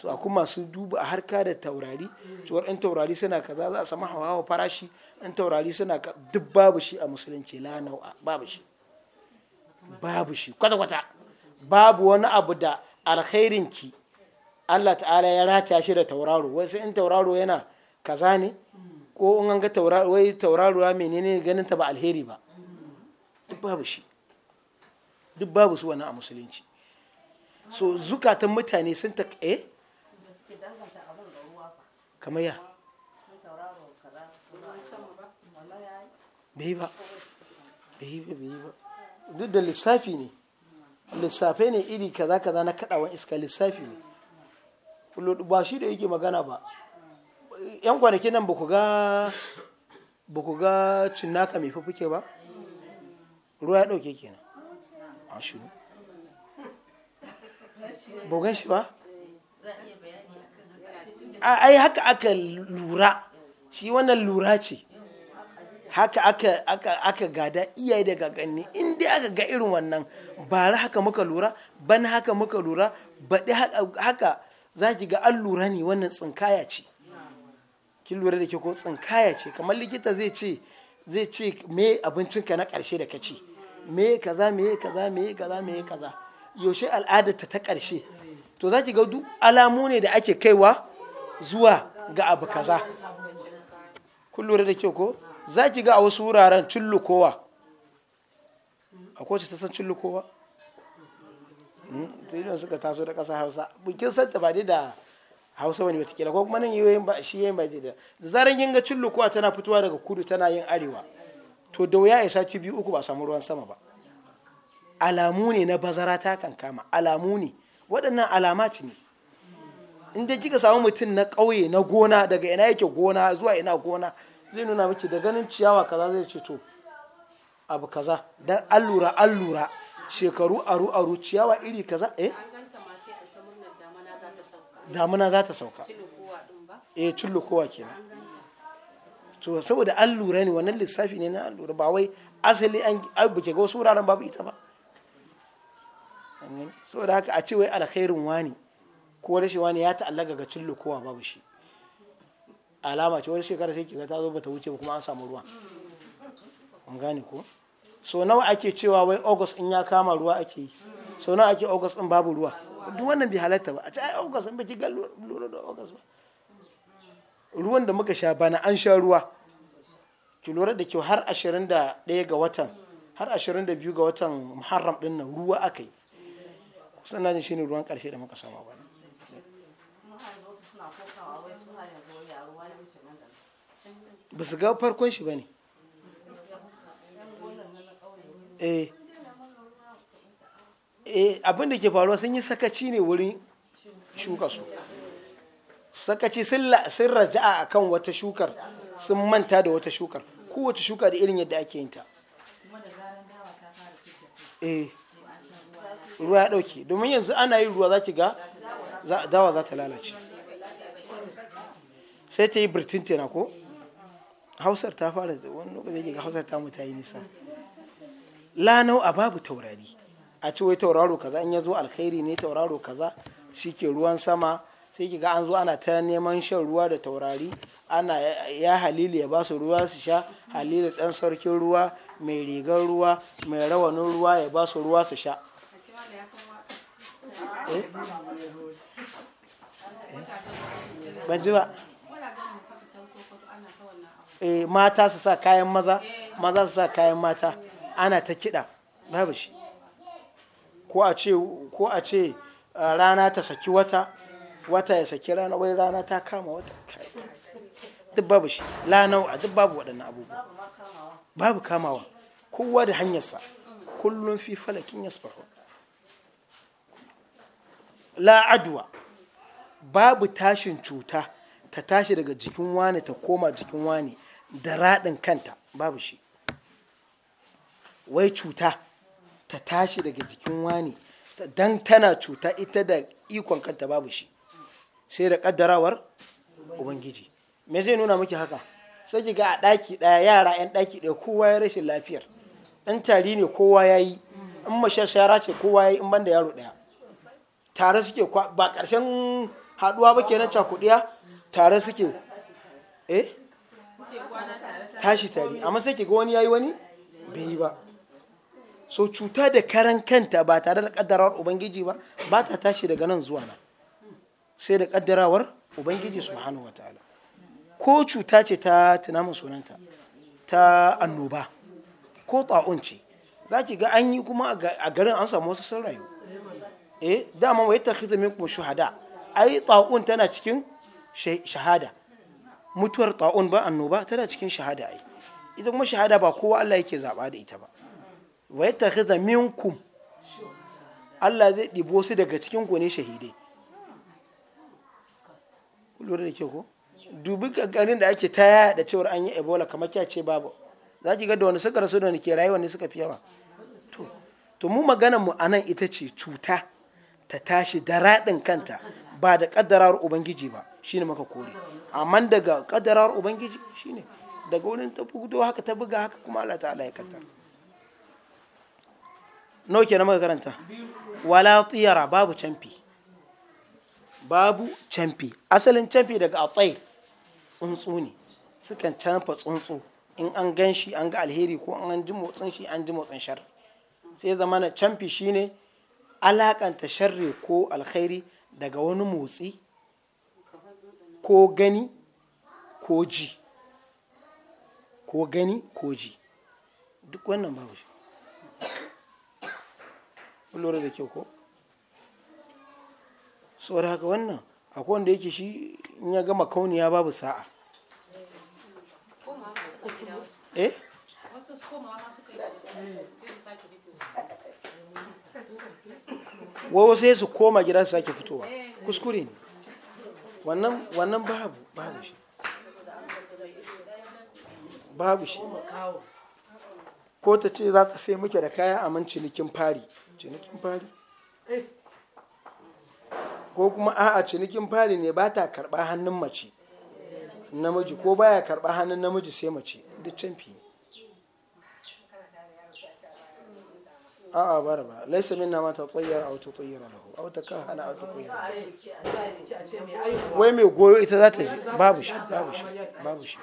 su kuma masu duba a harka da taurari cewar ɗan taurari suna kaza za a samu hawa farashi ɗan taurari suna ka duk babu shi a musulunci la nau'a babu shi babu shi kwata-kwata babu wani abu da alkhairinki Allah ta'ala ya rata shi da tauraro wai sai in tauraro yana kaza ne ko in an ga tauraro wai tauraro ya menene ganin ta ba alheri ba duk babu shi duk babu su wani a musulunci so zukatan mutane sun ta eh kamar ya bai ba bai ba bai ba duk da lissafi ne lissafi ne iri kaza kaza na kadawan iska lissafi ne ba shi da yake magana ba yan kwanaki nan ba ku ga cinnaka mai fufuke ba ruwa ya dauke kenan a shi shi ba ai haka aka lura shi wannan lura ce haka aka aka aka gada iyaye daga ganni in dai aka ga irin wannan bara haka muka lura ban haka muka lura baɗi haka za ki ga an lura ne wannan tsinkaya ce ki lura da ke ko tsinkaya ce kamar likita zai ce zai ce me abincinka na ƙarshe da ka me kaza me kaza me kaza me kaza yaushe al'adarta ta ta karshe to za ki ga duk alamu ne da ake kaiwa zuwa ga abu kaza kun lura da kyau ko za ki ga a wasu wuraren cullukowa a kowace ta san cullukowa hmm, tun suka taso da ƙasa hausa bukin santa ba dai da hausa wani watakila ko kuma nan yi yin ba shi yayin ba da da zaran yin ga cullukowa tana fitowa daga kudu tana yin arewa to da wuya ya sati biyu uku ba samu ruwan sama ba alamu ne na bazara ta kankama alamu ne waɗannan alama ce ne in dai kika samu mutum na ƙauye na gona daga ina yake gona zuwa ina gona zai nuna miki da ganin ciyawa kaza zai ce to abu kaza dan allura allura shekaru aru aru ciyawa iri kaza eh damuna za ta sauka eh cullukowa kenan to saboda allura ne wannan lissafi ne na allura ba wai asali an buke ga wasu wuraren babu ita ba saboda haka a ce wai alkhairin wani ko rashin wani ya ta'allaka ga cin kowa babu shi alama ce wani shekara sai kiga ta zo bata wuce ba kuma an samu ruwa an gane ko so nawa ake cewa wai august in ya kama ruwa ake yi so nawa ake august in babu ruwa duk wannan bai halatta ba a ce ai august in bai ga lura da august ba ruwan da muka sha bana an sha ruwa ki lura da kyau har 21 ga watan har 22 ga watan muharram din nan ruwa aka yi kusan najin shine ruwan karshe da muka sama bana ba su ga farkon shi ba ne eh. eh, abinda ke faruwa sun yi sakaci ne wurin shuka su sakaci sun raja'a a kan wata shukar sun manta da wata shukar kowace shuka da irin yadda ake yinta eh. ruwa ya ɗauke domin yanzu ana yin ruwa za ki ga dawa za ta lalace sai ta yi birtin tena ko? hausar ta fara wani lokacin ga hausar ta mu ta yi nisa lanau a babu taurari a ce wai tauraro kaza in ya zo alkhairi ne tauraro kaza shi ke ruwan sama sai ki ga an zo ana ta neman shan ruwa da taurari ana ya halili ya ba su ruwa su sha halili dan sarkin ruwa mai rigar ruwa mai rawanin ruwa ya ba su ruwa su sha eh? Eh? Eh, mata su sa kayan maza maza su sa kayan mata ana ta kiɗa babu shi ko a ce ko a ce rana ta saki wata wata ya saki rana wai rana ta kama wata duk babu shi lanau a duk babu waɗannan abubuwa babu kamawa kowa da hanyarsa kullum fi falakin yasbahu la adwa babu tashin cuta ta tashi daga jikin wani ta koma jikin wani da raɗin kanta babu shi wai cuta ta tashi daga jikin wani don tana cuta ita da ikon kanta babu shi sai da ƙaddarawar ubangiji me zai nuna miki haka sai ga a ɗaki ɗaya yara 'yan ɗaki ɗaya kowa ya rashin lafiyar in tari ne kowa ya yi in mashashara ce kowa ya yi in banda yaro ɗaya tare suke ba ƙarshen haɗuwa ba ke nan cakuɗiya tare suke eh tashi tari amma sai ke ga wani yayi wani bai yi ba so cuta da karan kanta ba tare da kaddarawar ubangiji ba ba ta tashi daga nan zuwa nan sai da kaddarawar ubangiji subhanahu wataala ko cuta ce ta tunamin sunanta ta annoba ko ta'un ce za ki ga an yi kuma a garin an samu wasu sun rayu eh dama wai ta khidmin minkum shuhada ai tsaun tana cikin shahada mutuwar ta'un ba annoba tana cikin shahada ai ita kuma shahada ba kowa Allah yake zaba da ita ba wa yattakhidha minkum Allah zai ɗibo su daga cikin ku ne shahidai lura da ke ko dubi kankanin da ake taya da cewar an yi ebola kamar kya ce babu za ki ga da wani suka rasu da wani ke rayuwa ne suka fi yawa to mu magana mu anan ita ce cuta ta tashi da raɗin kanta ba da ƙaddarar ubangiji ba shine maka kore amma daga kadarar ubangiji shine daga wurin ta haka ta buga haka kuma Allah ta'ala ya kaddara nawa kenan maka karanta wala tiyara babu canfi babu canfi asalin canfi daga atsair tsuntsu ne sukan canfa tsuntsu in an gan shi an ga alheri ko an ji motsin shi an ji motsin shar sai zama na canfi shine alakanta sharri ko alkhairi daga wani motsi ko gani ko ji ko gani ko ji duk wannan babu shi lura da kyau ko saboda haka wannan akwai wanda yake shi in ya gama kauniya babu sa'a eh wai wasu su koma gida su sake fitowa kuskure ne wannan wannan babu babu shi babu shi ko ta ce za ta sai muke da kaya a man cinikin fari cinikin fari ko kuma a'a cinikin fari ne ba ta karɓa hannun mace namiji ko baya karɓa hannun namiji sai mace duk canfi ne a'a bara ba laisa minna ma tatayyara aw tutayyara lahu aw takahana aw tuqayyara wai me goyo ita za ta je babu shi babu shi babu shi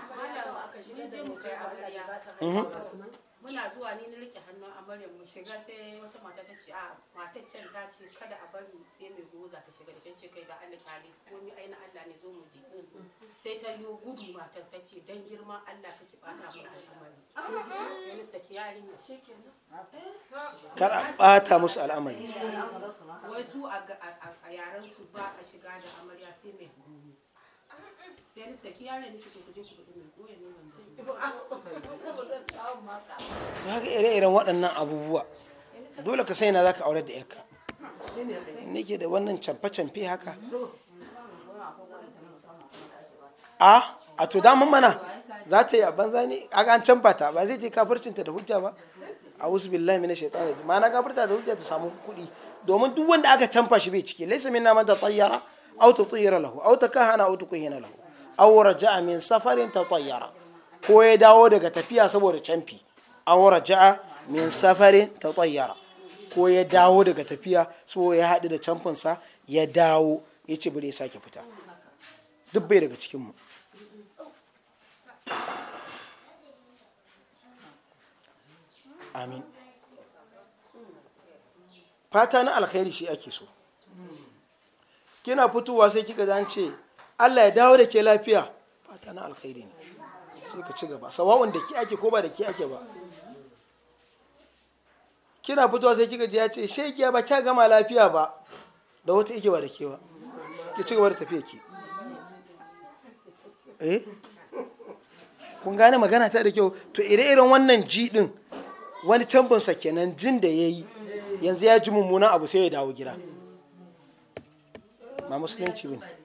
muna zuwa ni na rike hannun amaryar mu shiga sai wata mata ta ce a matar ta ce kada a bari sai mai goza ta shiga da ce kai da Allah kyale su komi aina Allah ne zo mu je sai ta yi gudu matar ta ce dan girman Allah ka ki bata mu al'amari ya saki kar a bata musu al'amari wai su a yaran su ba a shiga da amarya sai mai goza sai ni saki yaron ni ku je ku gudu mai goyen nonon haka ire-iren waɗannan abubuwa dole ka sai na zaka aure da yarka nake da wannan canfa-canfe haka a a to daman mana za ta yi a banza ne a an canfa ta ba zai ta kafircinta da hujja ba a wasu billahi mina shaitan da ma na kafirta da hujja ta samu kuɗi domin duk wanda aka canfa shi bai cike laisa min na manta tsayyara auta tsayyara lahu auta hana auta kuhina lahu awara ja'a min safarin ta tayyara ko ya dawo daga tafiya saboda canfi awara ja'a min safarin ta tayyara ko ya dawo daga tafiya saboda ya haɗu da canfinsa ya dawo ya ci bari ya sake fita duk bai daga cikinmu amin fata na alkhairi shi ake so kina fitowa sai kika zance Allah ya dawo da ke lafiya fata na alkhairi ne sai ka ci gaba sawa'un da ke ake ko ba da ke ake ba kina fitowa sai kika ji ya ce ya ba kya gama lafiya ba da wata ike ba da ke ba ki ci gaba da tafiya ki eh kun gane magana ta da kyau to ire-iren wannan ji din wani sa kenan jin da ya yi yanzu ya ji mummunan abu sai ya dawo gida ma musulunci ne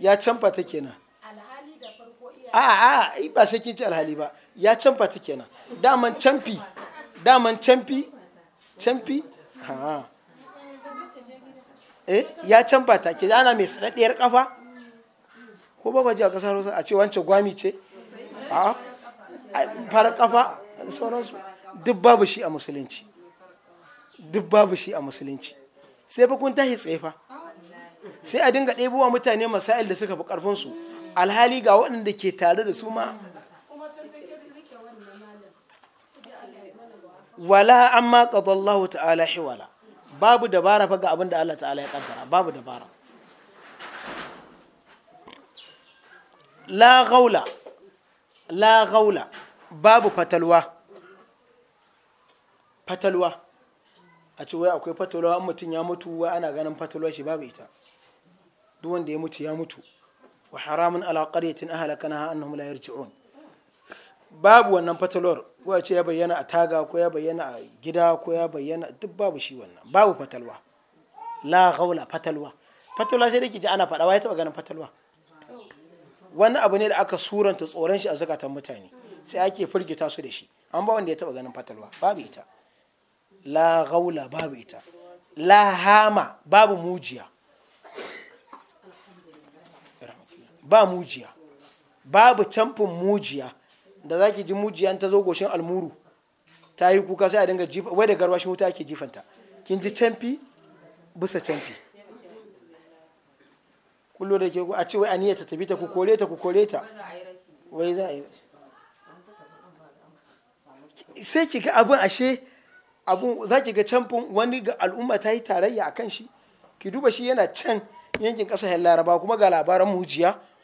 ya canfa ta kenan a a ba sai kin ci alhali ba ya canfa ta kenan daman canfi daman canfi canfi ha eh ya canfa ta ke ana mai sadaddiyar kafa ko ba kwaji a kasar Hausa a ce wancan gwami ce a fara kafa sauransu duk babu shi a musulunci duk babu shi a musulunci sai fa kun tahi tsaye fa sai a dinga ɗebowa mutane masail da suka fi ƙarfinsu alhali ga waɗanda ke tare da su ma wala amma qadallahu ta'ala hiwala babu dabara fa ga abin da Allah ta'ala ya kaddara babu dabara la gaula la gaula babu fatalwa fatalwa a ce wai akwai fatalwa an mutum ya mutu wai ana ganin fatalwa shi babu ita duk wanda ya mutu ya mutu wa haramun ala an hula ya rici on babu wannan fatalwar ko ya ce ya bayyana a taga ko ya bayyana a gida ko ya bayyana duk babu shi wannan babu fatalwa la gaula fatalwa fatalwa sai da ji ana faɗa ya taɓa ganin fatalwa wani abu ne da aka suranta tsoron shi a zakatan mutane sai ake firgita su da shi an ba wanda ya taɓa ganin fatalwa babu ita la gaula babu ita la hama babu mujiya ba mujiya babu camfin mujiya da za ki ji mujiya ta zo goshin almuru ta yi kuka sai a dinga jifa wai da garwashi wuta ake jifanta kin ji camfi bisa camfi kullo da ke a ce wai aniyar ta tafi ta ku kore ta ku kore ta wai za a yi sai ki ga abin ashe abun za ki ga camfin wani ga al'umma ta yi tarayya a kan shi ki duba shi yana can yankin ƙasashen laraba kuma ga labaran mujiya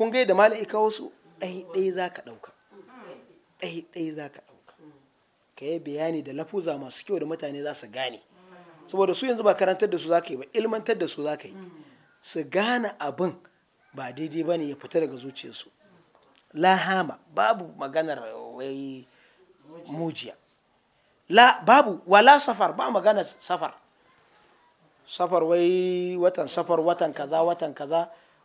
kun gai da mala'ika wasu ɗaiɗai za ka ɗauka ɗaiɗai za ka ɗauka ka yi bayani da lafuza masu kyau da mutane za su gane saboda su yanzu ba karantar da su za ka yi ba ilmantar da su za ka yi su gane abin ba daidai ba ne ya fita daga zuciyarsu lahama babu maganar wai mujiya babu wala safar ba maganar safar safar wai watan safar watan kaza watan kaza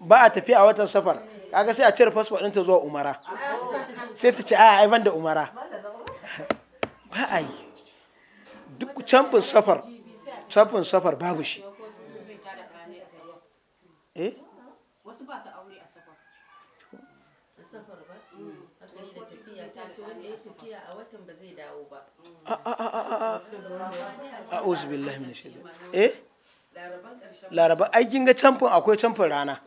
ba a tafi a watan safar kaga sai a cire fasfo ɗinta zuwa umara sai ta ce a ban da umara ba a yi duk camfin safar camfin safar babu shi eh ba su laraba ai kin ga camfin akwai camfin rana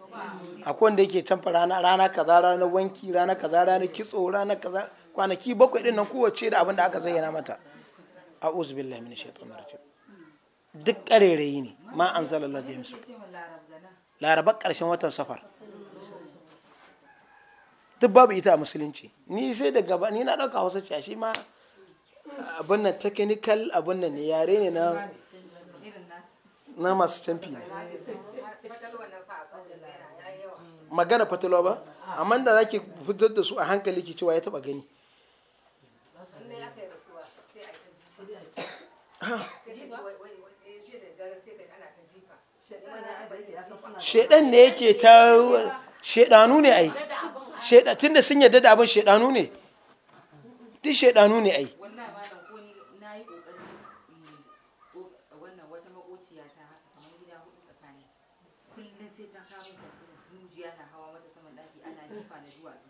akwai wanda yake camfin rana rana kaza rana wanki rana kaza rana kitso rana kaza kwanaki bakwai din nan kowace da abin da aka zayyana mata a'udhu billahi minash shaitanir rajim duk karerayi ne ma anzalallahu bihi musu laraba karshen watan safar duk babu ita a musulunci ni sai da gaba ni na dauka wasu shi ma abin nan technical abin nan ne yare ne na na masu canfi ne magana fatalwa ba amma da za ki fitar da su a hankali ki cewa ya taba gani eh, shaidan ne yake ta shaidanu ne ai tunda sun yadda da abin shaidanu ne duk shaidanu ne ai mujiya na hawa mata saman ana jifa na duwatsu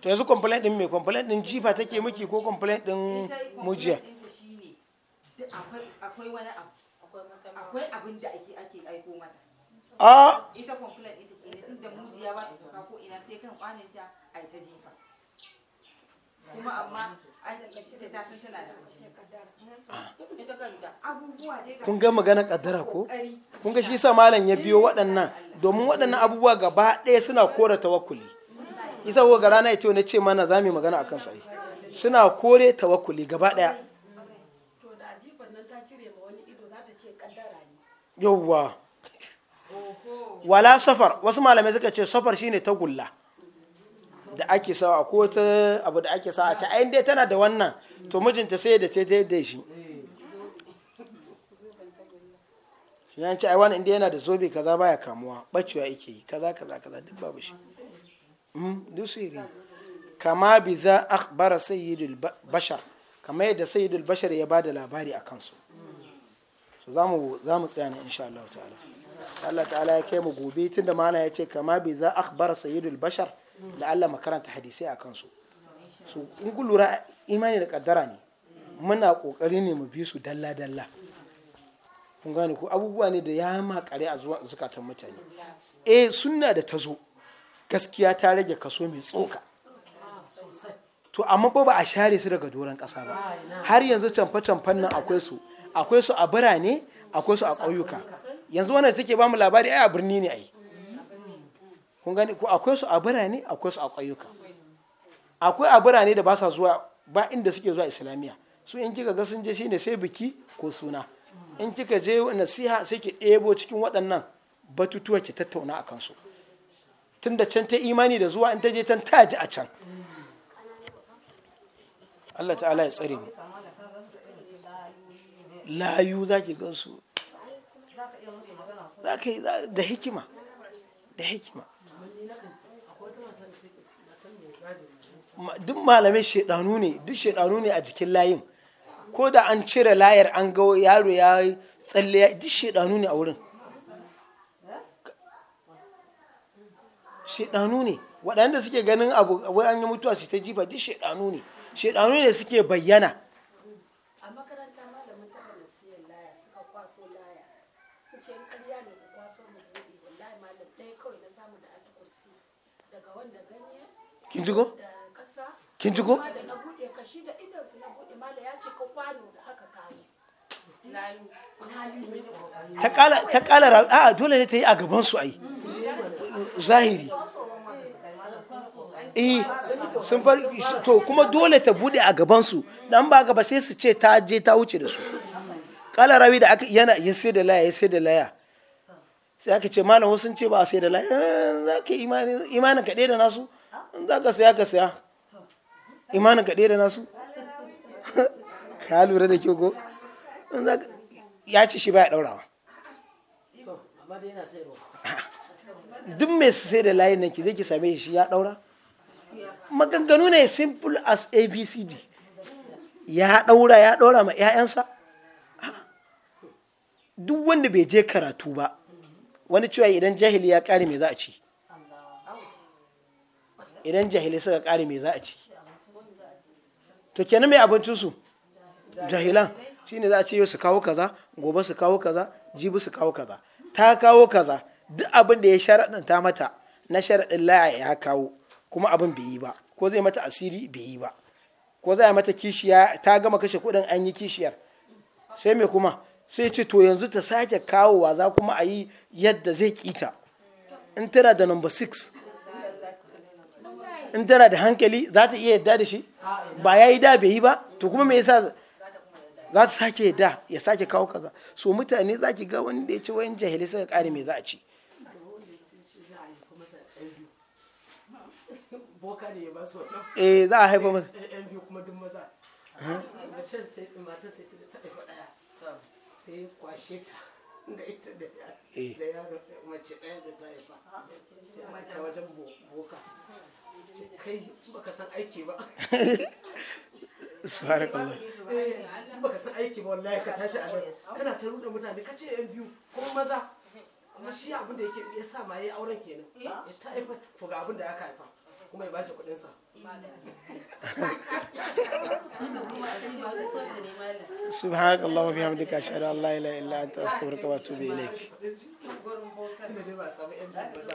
to yanzu complaint din me complaint din jifa take miki ko complaint din eh, mujiya akwai wani abu akwai abin ake aiko mata ah! mujiya ba ko ina sai kan jifa kuma amma an ta tana da kun ga magana kaddara ko kun ga shi yasa malam ya biyo waɗannan domin waɗannan abubuwa gaba ɗaya suna kore tawakkuli isa ko ga rana ita na ce mana za mu magana akan sai suna kore tawakkuli gaba ɗaya yawwa wala safar wasu malamai suka ce safar shine tagulla da ake sawa ko ta abu da ake sawa ta ayin dai tana da wannan to mijinta sai da ta da shi yan ci aiwani inda yana da zobe kaza baya kamuwa bacewa yake yi kaza kaza kaza duk babu shi hmm, duk sirri kama bi za a akhbara sayyidul bashar kamar yadda sayyidul bashar ya ba da labari a kansu so za mu tsaya na insha Allah ta'ala Allah ta'ala ya kai mu gobe tun da mana ya ce kama bi za a akhbara sayyidul bashar Allah makaranta hadisai a kansu su in lura imani da kaddara ne muna kokari ne mu bi su dalla dalla kun gane ko abubuwa ne da ya kare a zuwa zukatan mutane eh sunna da ta zo gaskiya ta rage kaso mai tsoka to amma ba ba a share su daga doron kasa ba har yanzu canfa-canfan nan akwai su akwai su a birane akwai su a ƙauyuka yanzu wannan take ba mu labari ai a birni ne ai kun gani ko akwai su a birane akwai su a ƙauyuka akwai a birane da ba sa zuwa ba inda suke zuwa islamiyya su in kika ga sun je shine sai biki ko suna in kika je nasiha sai ki ɗebo cikin waɗannan batutuwa ki tattauna akan su tun da can ta imani da zuwa in ta je can ta ji a can Allah ta'ala ya tsare mu layu za ki gan su da hikima da hikima duk malamai shaidanu ne duk shaidanu ne a jikin layin ko da an cire layar an ga yaro ya tsalle duk shaidanu ne a wurin shaidanu ne waɗanda suke ganin abu wai an yi mutuwa su ta jifa duk shaidanu ne shaidanu ne suke bayyana a makaranta malamin siyan laya suka kwaso laya in karya ne kwaso buɗe malam kawai na da daga wanda kin ji ko kin ji ko ta kala a dole ne ta yi a gaban su ai zahiri eh sun far to kuma dole ta bude a gaban su dan ba gaba sai su ce ta je ta wuce da su kala rawi da aka yana ya sai da laya ya sai da laya sai aka ce malam sun ce ba sai da laya eh, za ka imani imanin ka da nasu za ka saya ka saya imanin ka ɗaya da nasu ka lura da kyau ko ya ce shi baya ɗaurawa duk mai sai da layin nan ki zai ki same shi ya ɗaura maganganu ne simple as abcd ya ɗaura ya ɗaura ma 'ya'yansa duk wanda bai je karatu ba wani cewa idan jahili ya ƙari me za a ci idan jahili suka ƙari me za a ci to kenan mai abincinsu jahilan shi ne za a ce yau su kawo kaza gobe su kawo kaza jibi su kawo kaza ta kawo kaza duk abin da ya sharaɗanta mata na sharaɗin laya ya kawo kuma abin bai yi ba ko zai mata asiri bai yi ba ko zai mata kishiya ta gama kashe kuɗin an yi kishiyar sai mai kuma sai ce to yanzu ta sake kawowa za kuma a yi yadda zai kita in tana da number 6 in tana da hankali za ta iya yadda da shi ba ya yi da bai yi ba to kuma me yasa za ta sake yadda ya sake kawo kaza so mutane za ki ga wani da ya ci wayan jahilai suka kare me za a ci eh za a haifa masa sai kwashe ta da ita da yaro mace ɗaya da ta haifa sai a wajen boka kai baka san aiki ba subhanakallah eh, baka san aiki ba wallahi ka tashi a nan kana ta ruɗa mutane ka ce yan biyu kuma maza kuma shi abin da yake ya sa ma yayi auren kenan eh? ya ta haifa to ga abin da aka haifa kuma ya bashi kuɗin sa subhanakallah wa bihamdika